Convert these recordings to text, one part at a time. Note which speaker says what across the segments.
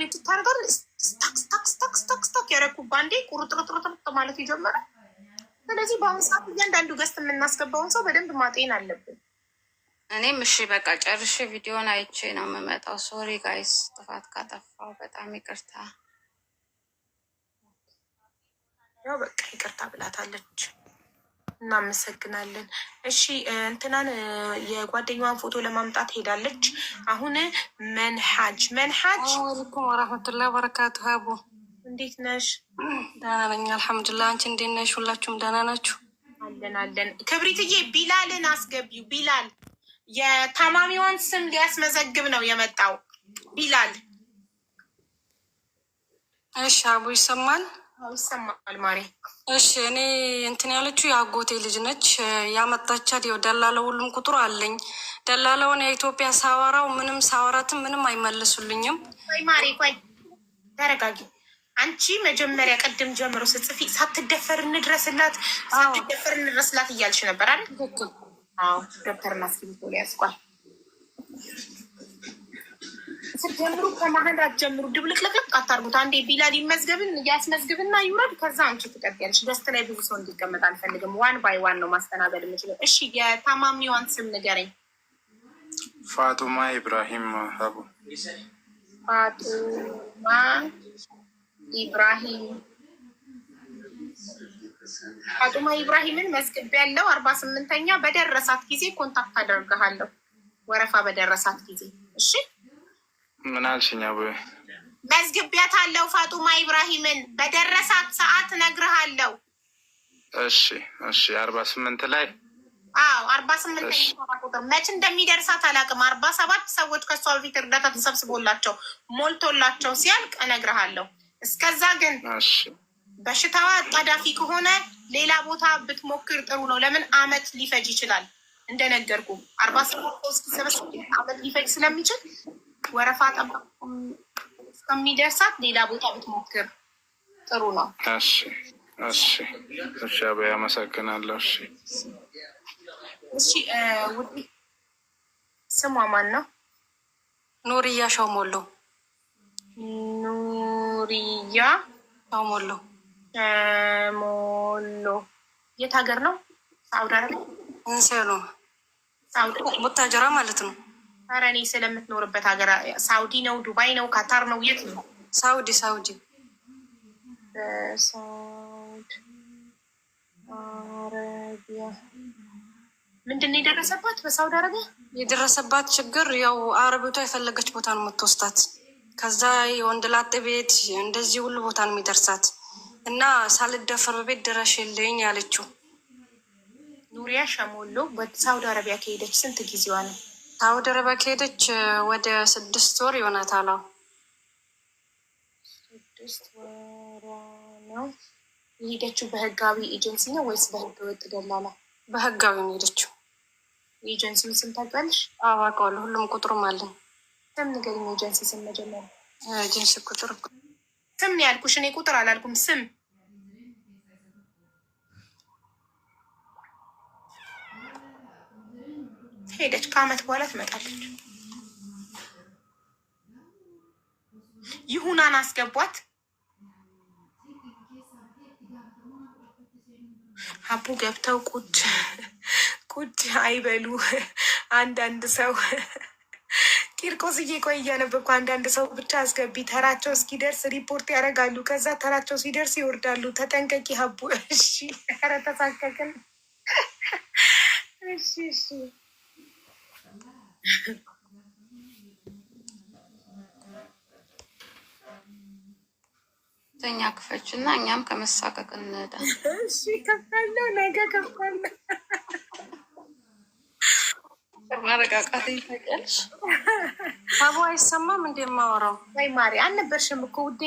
Speaker 1: ሬት ታደርጋል። ስታክስታክስታክስታክስታክ ያረኩ ባንዴ ቁርጥርጥርጥርጥ ማለት የጀመረ። ስለዚህ በአሁኑ ሰዓት እያንዳንዱ ገስት የምናስገባውን ሰው በደንብ ማጤን አለብን። እኔም እሺ በቃ ጨርሼ ቪዲዮን አይቼ ነው የምመጣው። ሶሪ ጋይስ ጥፋት ካጠፋው በጣም ይቅርታ። ያው በቃ ይቅርታ ብላታለች። እናመሰግናለን። እሺ እንትናን የጓደኛዋን ፎቶ ለማምጣት ሄዳለች። አሁን መንሓጅ መንሓጅ አለይኩም ወረሕመቱላሂ ወበረካቱ። ሀቦ እንዴት ነሽ? ደህና ነኝ አንቺ እንዴት ነሽ? ሁላችሁም ደህና ናችሁ? አለን አለን። ክብሪትዬ ቢላልን አስገቢው። ቢላል የታማሚዋን ስም ሊያስመዘግብ ነው የመጣው። ቢላል እሺ፣ አቡ ይሰማል ይሰማል ማሬ። እሺ እኔ እንትን ያለችው የአጎቴ ልጅ ነች ያመጣቻት። ው ደላለው ሁሉም ቁጥሩ አለኝ። ደላለውን የኢትዮጵያ ሳወራው ምንም ሳወራትም ምንም አይመልሱልኝም። ማሬ ቆይ ተረጋጊ። አንቺ መጀመሪያ ቅድም ጀምሮ ስጽፊ ሳትደፈር እንድረስላት ሳትደፈር እንድረስላት እያልሽ ነበር አይደል? ዶክተር ማስኪ ያስቋል ስትጀምሩ ከመሀል አትጀምሩ፣ ድብልቅልቅልቅ አታርጉት። አንዴ ቢላል ይመዝገብን እያስመዝግብና ይውረድ። ከዛ አንቺ ትቀጥያለሽ። ደስት ላይ ብዙ ሰው እንዲቀመጥ አልፈልግም። ዋን ባይ ዋን ነው ማስተናገድ የምችለው። እሺ፣ የታማሚዋን ስም ንገረኝ። ፋጡማ ኢብራሂም ሀቡ። ፋጡማ ኢብራሂም ፋጡማ ኢብራሂምን መዝግብ ያለው አርባ ስምንተኛ በደረሳት ጊዜ ኮንታክት አደርግሃለሁ። ወረፋ በደረሳት ጊዜ እሺ ምን አልሽኝ? አቡ መዝግቢያት አለው ፋጡማ ኢብራሂምን በደረሳት ሰዓት እነግርሃለሁ። እሺ እሺ። አርባ ስምንት ላይ አዎ፣ አርባ ስምንት ቁጥር መች እንደሚደርሳት አላውቅም። አርባ ሰባት ሰዎች ከእሷ በፊት እርዳታ ተሰብስቦላቸው ሞልቶላቸው ሲያልቅ እነግርሃለሁ። እስከዛ ግን በሽታዋ አጣዳፊ ከሆነ ሌላ ቦታ ብትሞክር ጥሩ ነው። ለምን አመት ሊፈጅ ይችላል። እንደነገርኩ አርባ ሰባት ሰው እስኪሰበስብ አመት ሊፈጅ ስለሚችል ወረፋ ጠባቆ እስከሚደርሳት ሌላ ቦታ ብትሞክር ጥሩ ነው። እሺ እሺ እሺ። አበይ አመሰግናለሁ። እሺ እሺ። ውድ ስሟ ማን ነው? ኑርያ ሻውሞሎ። ኑርያ ሻውሞሎ ሞሎ። የት ሀገር ነው? ሳውዲ ነው። ቡታጀራ ማለት ነው። ኧረ እኔ ስለምትኖርበት ሀገር ሳውዲ ነው ዱባይ ነው ካታር ነው የት ነው? ሳውዲ ሳውዲ አረቢያ ምንድን ነው የደረሰባት? በሳውዲ አረቢያ የደረሰባት ችግር ያው አረቢቷ የፈለገች ቦታ ነው የምትወስዳት። ከዛ የወንድላጤ ቤት እንደዚህ ሁሉ ቦታ ነው የሚደርሳት እና ሳልደፈር በቤት የለኝ ያለችው ኑሪያ ሸሞሎ በሳውዲ አረቢያ ከሄደች ስንት ጊዜዋ ነው? ሳውዲ አረቢያ ከሄደች ወደ ስድስት ወር ይሆናታል። ስድስት ወር ነው የሄደችው። በህጋዊ ኤጀንሲ ነው ወይስ በህገ ወጥ ደላላ? በህጋዊ ነው የሄደችው። የኤጀንሲውን ስም ታውቂያለሽ? አዎ አውቀዋለሁ። ሁሉም ቁጥሩም አለኝ። ስም ንገሪኝ። ኤጀንሲ ስም መጀመሪያ። ኤጀንሲ ቁጥር ስም ያልኩሽ እኔ ቁጥር አላልኩም። ስም ሄደች። ከአመት በኋላ ትመጣለች። ይሁናን አስገቧት። አቡ ገብተው ቁጭ ቁጭ አይበሉ። አንዳንድ ሰው ቂርቆስዬ፣ ቆይ እያነበብኩ አንዳንድ ሰው ብቻ አስገቢ፣ ተራቸው እስኪደርስ ሪፖርት ያደርጋሉ። ከዛ ተራቸው ሲደርስ ይወርዳሉ። ተጠንቀቂ ሀቡ። እሺ፣ ኧረ እሺ፣ እሺ። ተኛ ክፈች እና እኛም ከመሳቀቅ እንሄዳ። እሺ ከፈለው ነገ ከፈለ ይፈቀልሽ። አይሰማም እንዴ የማወራው? ወይ ማሪ አልነበርሽም እኮ ውዴ።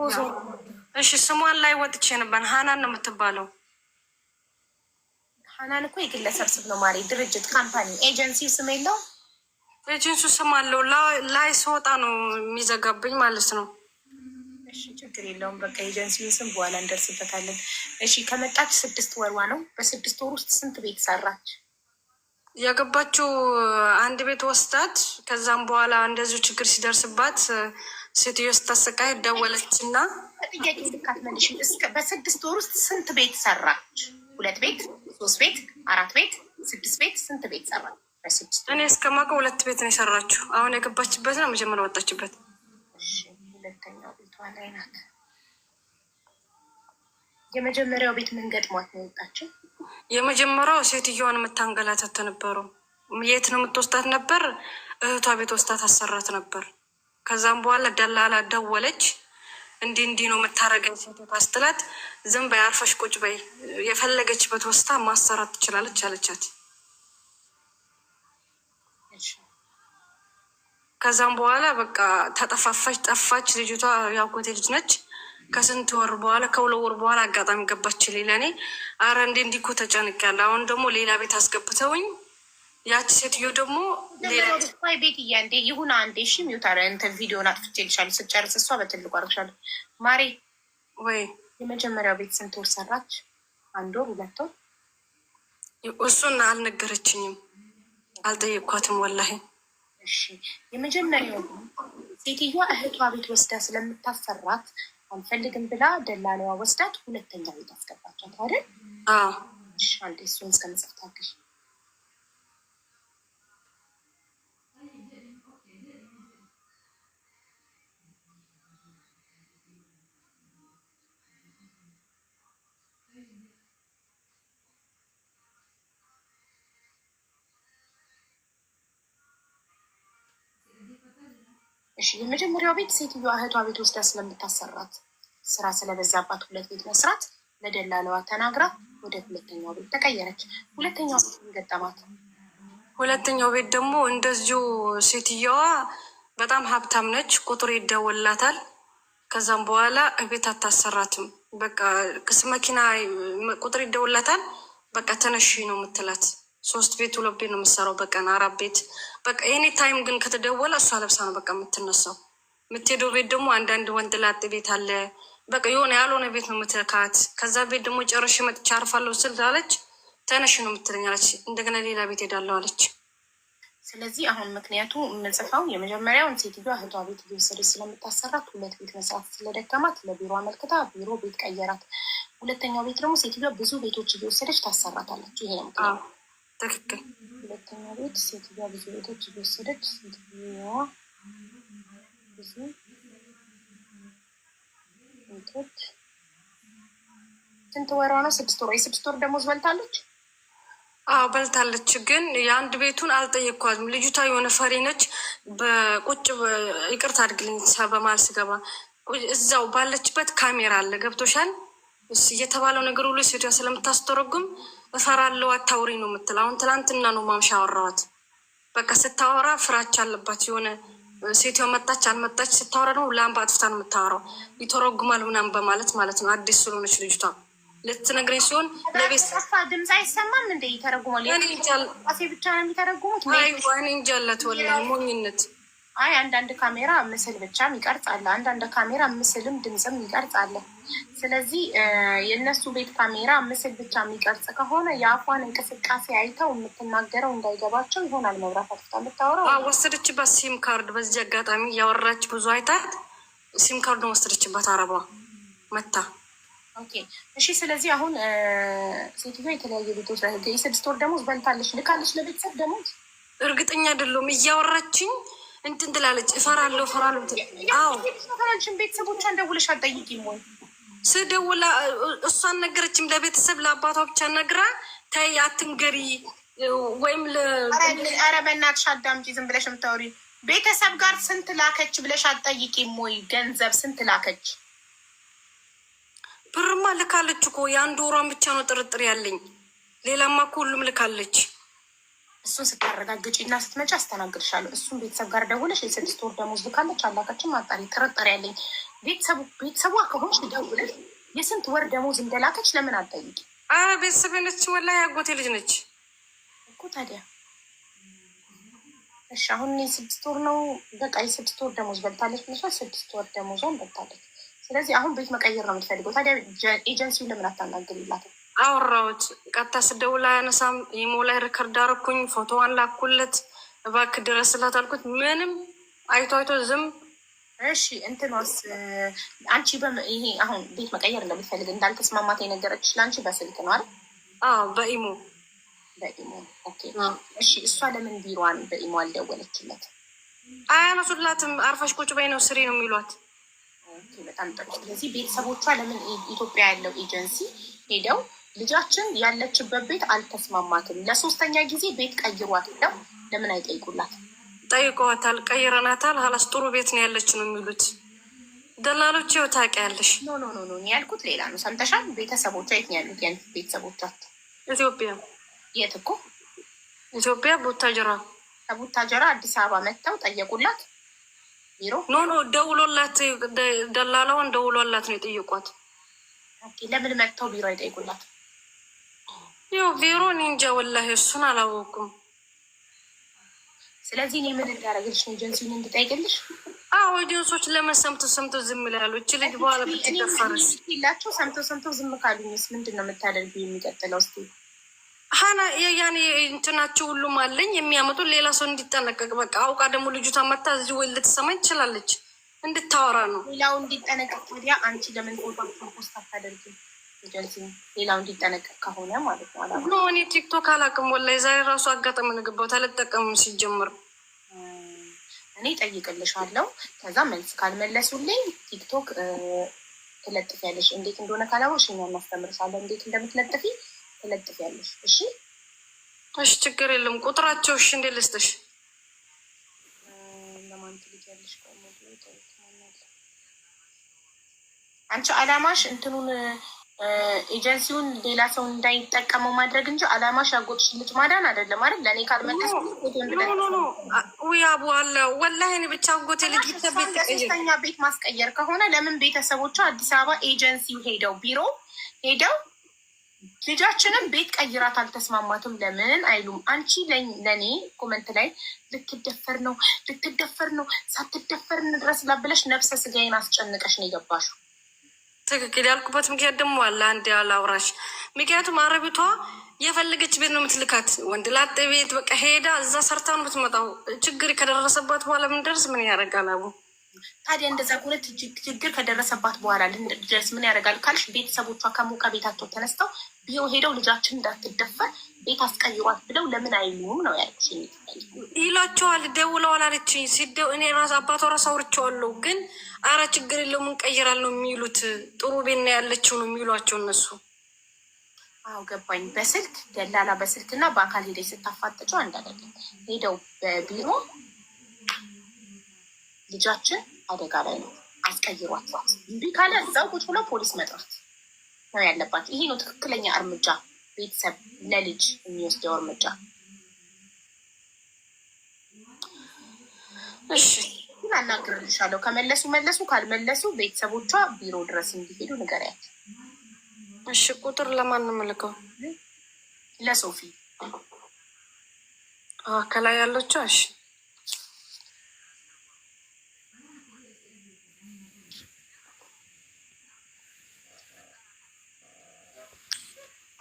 Speaker 1: ሆዞ እሺ፣ ስሟን ላይ ወጥቼ ነበር። ሀናን ነው የምትባለው። ሀናን እኮ የግለሰብ ስም ነው ማሪ። ድርጅት፣ ካምፓኒ፣ ኤጀንሲ ስም የለው። ኤጀንሲ ስም አለው። ላይ ስወጣ ነው የሚዘጋብኝ ማለት ነው። እሺ ችግር የለውም። በቃ ኤጀንሲውን ስም በኋላ እንደርስበታለን። እሺ ከመጣች ስድስት ወርዋ ነው። በስድስት ወር ውስጥ ስንት ቤት ሰራች? ያገባችው አንድ ቤት ወስዳት፣ ከዛም በኋላ እንደዚሁ ችግር ሲደርስባት ሴትዮ ስታሰቃይ ደወለች እና ጥያቄ ልካትመልሽ። በስድስት ወር ውስጥ ስንት ቤት ሰራች? ሁለት ቤት፣ ሶስት ቤት፣ አራት ቤት፣ ስድስት ቤት፣ ስንት ቤት ሰራች? እኔ እስከማውቀው ሁለት ቤት ነው የሰራችው። አሁን የገባችበት ነው መጀመሪያ ወጣችበት ሁለተኛው ቤቷ ላይ ናት። የመጀመሪያው ቤት ምን ገጥሟት ነው የወጣችው? የመጀመሪያው ሴትዮዋን የምታንገላታት ነበረው። የት ነው የምትወስዳት ነበር? እህቷ ቤት ወስዳት አሰራት ነበር። ከዛም በኋላ ደላላ ደወለች። እንዲህ እንዲህ ነው የምታረገኝ ሴቶ ስትላት፣ ዝም በይ አርፈሽ ቁጭ በይ የፈለገችበት ወስታ ማሰራት ትችላለች አለቻት። ከዛም በኋላ በቃ ተጠፋፋች ጠፋች። ልጅቷ ያጎቴ ልጅ ነች። ከስንት ወር በኋላ ከሁለት ወር በኋላ አጋጣሚ ገባች ለእኔ። አረ እንዴ እንዲኮ ተጨንቅ ያለ አሁን ደግሞ ሌላ ቤት አስገብተውኝ ያቺ ሴትዮ ደግሞ ሌላይ ቤት እያንዴ ይሁን አንዴ ሺ ሚውታለ እንትን ቪዲዮን አጥፍቼ ልሻለሁ። ስጨርስ እሷ በትልቁ አርግሻለሁ። ማሬ ወይ የመጀመሪያው ቤት ስንት ወር ሰራች? አንድ ወር ሁለት ወር። እሱን አልነገረችኝም፣ አልጠየቅኳትም ወላሄ እሺ የመጀመሪያው ሴትዮዋ እህቷ ቤት ወስዳ ስለምታሰራት አልፈልግም ብላ ደላለዋ ወስዳት ሁለተኛ ቤት አስገባቻት አይደል? አንዴ እሱን እስከመጽፍታግሽ እሺ የመጀመሪያው ቤት ሴትዮዋ እህቷ ቤት ወስዳ ስለምታሰራት ስራ ስለበዛባት ሁለት ቤት መስራት ለደላለዋ ተናግራ ወደ ሁለተኛው ቤት ተቀየረች። ሁለተኛው ቤት ገጠማት። ሁለተኛው ቤት ደግሞ እንደዚሁ ሴትዮዋ በጣም ሀብታም ነች፣ ቁጥር ይደወላታል። ከዛም በኋላ ቤት አታሰራትም። በቃ መኪና ቁጥር ይደውላታል። በቃ ተነሺ ነው የምትላት ሶስት ቤት ሁለት ቤት ነው የምትሰራው በቀን አራት ቤት በቃ የኔ ታይም ግን ከተደወለ እሷ ለብሳ ነው በቃ የምትነሳው። የምትሄደው ቤት ደግሞ አንዳንድ ወንድ ላጤ ቤት አለ። በቃ የሆነ ያልሆነ ቤት ነው የምትለካት። ከዛ ቤት ደግሞ ጨርሼ መጥቼ አርፋለሁ ስል አለች ተነሽ ነው የምትለኝ አለች። እንደገና ሌላ ቤት ሄዳለሁ አለች። ስለዚህ አሁን ምክንያቱ የምንጽፈው የመጀመሪያውን ሴትዮ እህቷ ቤት እየወሰደች ስለምታሰራት ሁለት ቤት መስራት ስለደከማት ለቢሮ አመልክታ ቢሮ ቤት ቀየራት። ሁለተኛው ቤት ደግሞ ሴትዮ ብዙ ቤቶች እየወሰደች ታሰራታለች። ይሄ ነው ምክንያቱ። ትክክል። ሁለተኛ ቤት ሴትዮዋ ብዙ ቤቶች እየወሰደች ሴትዮዋ ብዙ ቤቶች ስንት ወሯ ነው? ስድስት ወር። የስድስት ወር ደሞዝ በልታለች። አዎ በልታለች። ግን የአንድ ቤቱን አልጠየቅኳትም። ልጅቷ የሆነ ፈሪ ነች። በቁጭ ይቅርታ አድርግልኝ በማል ስገባ እዛው ባለችበት ካሜራ አለ። ገብቶሻል የተባለው ነገር ሁሉ ሴቷ ስለምታስተረጉም እፈራለሁ፣ አታውሪ ነው የምትል። አሁን ትላንትና ነው ማምሻ አወራዋት በቃ ስታወራ ፍራቻ አለባት የሆነ ሴትዮ መጣች አልመጣች ስታወራ ነው ላምባ አጥፍታ ነው የምታወራው። ይተረጉማል ምናምን በማለት ማለት ነው። አዲስ ስለሆነች ልጅቷ ልትነግረኝ ሲሆን ለቤት ድምፅ አይሰማም እንደ ይተረጉማል ብቻ ነው የሚተረጉሙት። እንጃ አላት ወላሂ ሞኝነት አይ አንዳንድ ካሜራ ምስል ብቻም ይቀርጻለ፣ አንዳንድ ካሜራ ምስልም ድምፅም ይቀርጻለ። ስለዚህ የእነሱ ቤት ካሜራ ምስል ብቻ የሚቀርጽ ከሆነ የአፏን እንቅስቃሴ አይተው የምትናገረው እንዳይገባቸው ይሆናል። መብራት አፍታ የምታወራው ወሰደችባት ሲም ካርድ። በዚህ አጋጣሚ ያወራች ብዙ አይታት ሲም ካርዱን ወሰደችባት አረቧ መታ እሺ። ስለዚህ አሁን ሴትዮ የተለያየ ቤቶች ላይ ስድስት ወር ደሞዝ በልታለች ልካለች ለቤተሰብ ደሞዝ እርግጠኛ አይደለሁም እያወራችኝ እንትን ትላለች። እፈራለሁ እፈራለሁ። አዎ ቤተሰቦቿን ደውለሽ አልጠይቂም ወይ? ስደውላ እሷ ነገረችም። ለቤተሰብ ለአባቷ ብቻ ነግራ ተይ አትንገሪ ወይም ኧረ በእናትሽ አዳምጪ። ዝም ብለሽ የምታወሪው ቤተሰብ ጋር ስንት ላከች ብለሽ አትጠይቂም ወይ? ገንዘብ ስንት ላከች? ብርማ ልካለች እኮ የአንድ ወሯን ብቻ ነው ጥርጥር ያለኝ። ሌላማ እኮ ሁሉም ልካለች። እሱን ስታረጋግጪና ስትመጪ አስተናግድሻለሁ። እሱን ቤተሰብ ጋር ደውለሽ የስድስት ወር ደሞዝ ልካለች አላከችም አጣሪ ጥርጥር ያለኝ ቤተሰቧ ከሆንሽ ደውለሽ የስንት ወር ደሞዝ እንደላከች ለምን አጠይቂ። ቤተሰብ ነች፣ ወላሂ አጎቴ ልጅ ነች እኮ ታዲያ። እሺ አሁን የስድስት ወር ነው በቃ የስድስት ወር ደሞዝ በልታለች ብለሻል። ስድስት ወር ደሞዟን በልታለች። ስለዚህ አሁን ቤት መቀየር ነው የምትፈልገው። ታዲያ ኤጀንሲው ለምን አታናግሪላትም? አወራሁት። ቀጥታ ስደውላ አያነሳም። ኢሞ ላይ ሪከርድ አደረኩኝ፣ ፎቶዋን ላኩለት። እባክህ ድረስላት አልኩት። ምንም አይቶ አይቶ ዝም። እሺ እንትኗስ አንቺ ይሄ አሁን ቤት መቀየር እንደምትፈልግ እንዳልተስማማት የነገረችሽ ለአንቺ በስልክ ነው አይደል? በኢሞ በኢሞ። እሺ። እሷ ለምን ቢሯን በኢሞ አልደወለችለት? አያነሱላትም። አርፋሽ ቁጭ በይ ነው ስሪ ነው የሚሏት። በጣም ጥሩ። ስለዚህ ቤተሰቦቿ ለምን ኢትዮጵያ ያለው ኤጀንሲ ሄደው ልጃችን ያለችበት ቤት አልተስማማትም፣ ለሶስተኛ ጊዜ ቤት ቀይሯት ለው ለምን አይጠይቁላት? ጠይቀዋታል፣ ቀይረናታል፣ ሀላስ ጥሩ ቤት ነው ያለች ነው የሚሉት ደላሎች። ይኸው ታውቂያለሽ። ኖ ኖ ኖ ያልኩት ሌላ ነው። ሰምተሻል? ቤተሰቦቿ የት ነው ያሉት? ያን ቤተሰቦቻት ኢትዮጵያ። የት እኮ ኢትዮጵያ? ቡታጀራ። ከቡታጀራ አዲስ አበባ መጥተው ጠየቁላት። ቢሮ ኖ ኖ ደውሎላት፣ ደላላውን ደውሎላት ነው የጠየቋት። ለምን መጥተው ቢሮ አይጠይቁላት? ያው ቬሮ እኔ እንጃ ወላሂ እሱን አላወኩም። ስለዚህ እኔ ምን እንዳደረግልሽ ነው ጀንሲን እንድጠይቅልሽ? አዎ ጀንሶች ለምን ሰምቶ ሰምቶ ዝም ላሉ እች ልጅ በኋላ ብትደፈርስ ላቸው ሰምቶ ሰምቶ ዝም ካሉኝስ ምንድን ነው የምታደርጉ? የሚቀጥለው ስ ሀና ያኔ እንትናቸው ሁሉም አለኝ የሚያመጡ ሌላ ሰው እንዲጠነቀቅ በቃ አውቃ ደግሞ ልጁታ መታ እዚህ ወይ ልትሰማ ይችላለች እንድታወራ ነው ሌላው እንዲጠነቀቅ። ወዲያ አንቺ ለምን ፎቶ ፖስት አታደርግም? እንደዚህ ሌላው እንዲጠነቀቅ ከሆነ ማለት ነው። እኔ ቲክቶክ አላቅም ወላሂ። ዛሬ ራሱ አጋጣሚ ንግባው አልጠቀምም። ሲጀምር እኔ ጠይቅልሻለሁ። ከዛ መልስ ካልመለሱልኝ ቲክቶክ ትለጥፊያለሽ። እንዴት እንደሆነ ካላወቅሽ እኛ እናስተምርሻለን። እንዴት እንደምትለጥፊ ትለጥፊያለሽ። እሺ እሺ፣ ችግር የለም። ቁጥራቸው እሺ፣ እንዴት ልስጥሽ? አንቺ አላማሽ እንትኑን ኤጀንሲውን ሌላ ሰው እንዳይጠቀመው ማድረግ እንጂ አላማሽ ያጎጥሽ ልጅ ማዳን አይደለም። አይደል ለእኔ ካልመለስ ያቡ አለ ወላሂ እኔ ብቻ ጎቴ ልጅ ብቻቤተኛ ቤት ማስቀየር ከሆነ ለምን ቤተሰቦቿ አዲስ አበባ ኤጀንሲው ሄደው ቢሮ ሄደው ልጃችንም ቤት ቀይራት አልተስማማትም ለምን አይሉም? አንቺ ለእኔ ኮመንት ላይ ልትደፈር ነው ልትደፈር ነው ሳትደፈር እንድረስ ብለሽ ነፍሰ ስጋዬን አስጨንቀሽ ነው የገባሽው። ትክክል ያልኩበት ምክንያት ደግሞ አለ። አንድ ያላውራሽ ምክንያቱም አረቢቷ የፈለገች ቤት ነው የምትልካት፣ ወንድ ላጤ ቤት በቃ ሄዳ እዛ ሰርታ ነው የምትመጣው። ችግር ከደረሰባት በኋላ ምን ደርስ ምን ያደርጋል አቡ ታዲያ እንደዛ ከሆነ ችግር ከደረሰባት በኋላ ድረስ ምን ያደርጋል ካልሽ፣ ቤተሰቦቿ ከሞቀ ቤታቸው ተነስተው ቢሮ ሄደው ልጃችን እንዳትደፈር ቤት አስቀይሯት ብለው ለምን አይሉም ነው ያለች። ይላቸዋል ደውለዋል አለችኝ። ሲደው እኔ ራስ አባቷ ራስ አውርቼዋለሁ፣ ግን አረ ችግር የለውም እንቀይራል ነው የሚሉት። ጥሩ ቤት ነው ያለችው ነው የሚሏቸው እነሱ። አዎ ገባኝ። በስልክ ደላላ በስልክና በአካል ሄደች ስታፋጠጨው አንድ ሄደው በቢሮ ልጃችን አደጋ ላይ ነው፣ አስቀይሯቸዋት እምቢ ካለ እዛው ቁጭ ብሎ ፖሊስ መጥራት ነው ያለባቸው። ይሄ ነው ትክክለኛ እርምጃ፣ ቤተሰብ ለልጅ የሚወስደው እርምጃ። እሺ አናግርልሻለሁ። ከመለሱ መለሱ፣ ካልመለሱ ቤተሰቦቿ ቢሮ ድረስ እንዲሄዱ ንገሪያቸው። እሺ ቁጥር ለማን ነው የምልከው? ለሶፊ ከላይ ያለችው። እሺ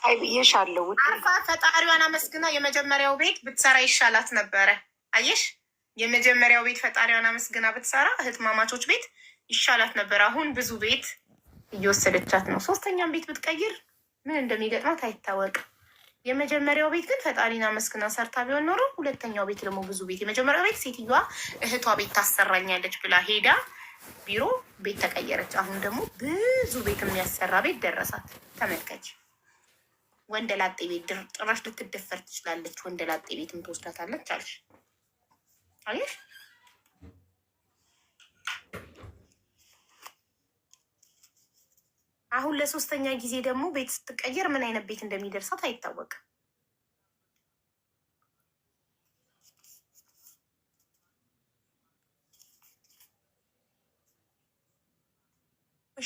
Speaker 1: አይ አርፋ ፈጣሪዋን አመስግና የመጀመሪያው ቤት ብትሰራ ይሻላት ነበረ። አየሽ፣ የመጀመሪያው ቤት ፈጣሪዋን አመስግና ብትሰራ እህት ማማቾች ቤት ይሻላት ነበር። አሁን ብዙ ቤት እየወሰደቻት ነው። ሶስተኛም ቤት ብትቀይር ምን እንደሚገጥማት አይታወቅም። የመጀመሪያው ቤት ግን ፈጣሪን አመስግና ሰርታ ቢሆን ኖሮ፣ ሁለተኛው ቤት ደግሞ ብዙ ቤት የመጀመሪያው ቤት ሴትዮዋ እህቷ ቤት ታሰራኛለች ብላ ሄዳ ቢሮ ቤት ተቀየረች። አሁን ደግሞ ብዙ ቤት የሚያሰራ ቤት ደረሳት። ተመልከች። ወንደ ላጤ ቤት ጭራሽ ልትደፈር ትችላለች። ወንደ ላጤ ቤትም ትወስዳታለች አለሽ አየሽ። አሁን ለሶስተኛ ጊዜ ደግሞ ቤት ስትቀየር ምን አይነት ቤት እንደሚደርሳት አይታወቅም።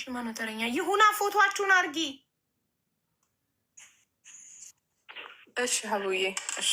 Speaker 1: ሽማ ማነው ተረኛ ይሁና፣ ፎቶችሁን አርጊ። እሺ ሀቡዬ እሺ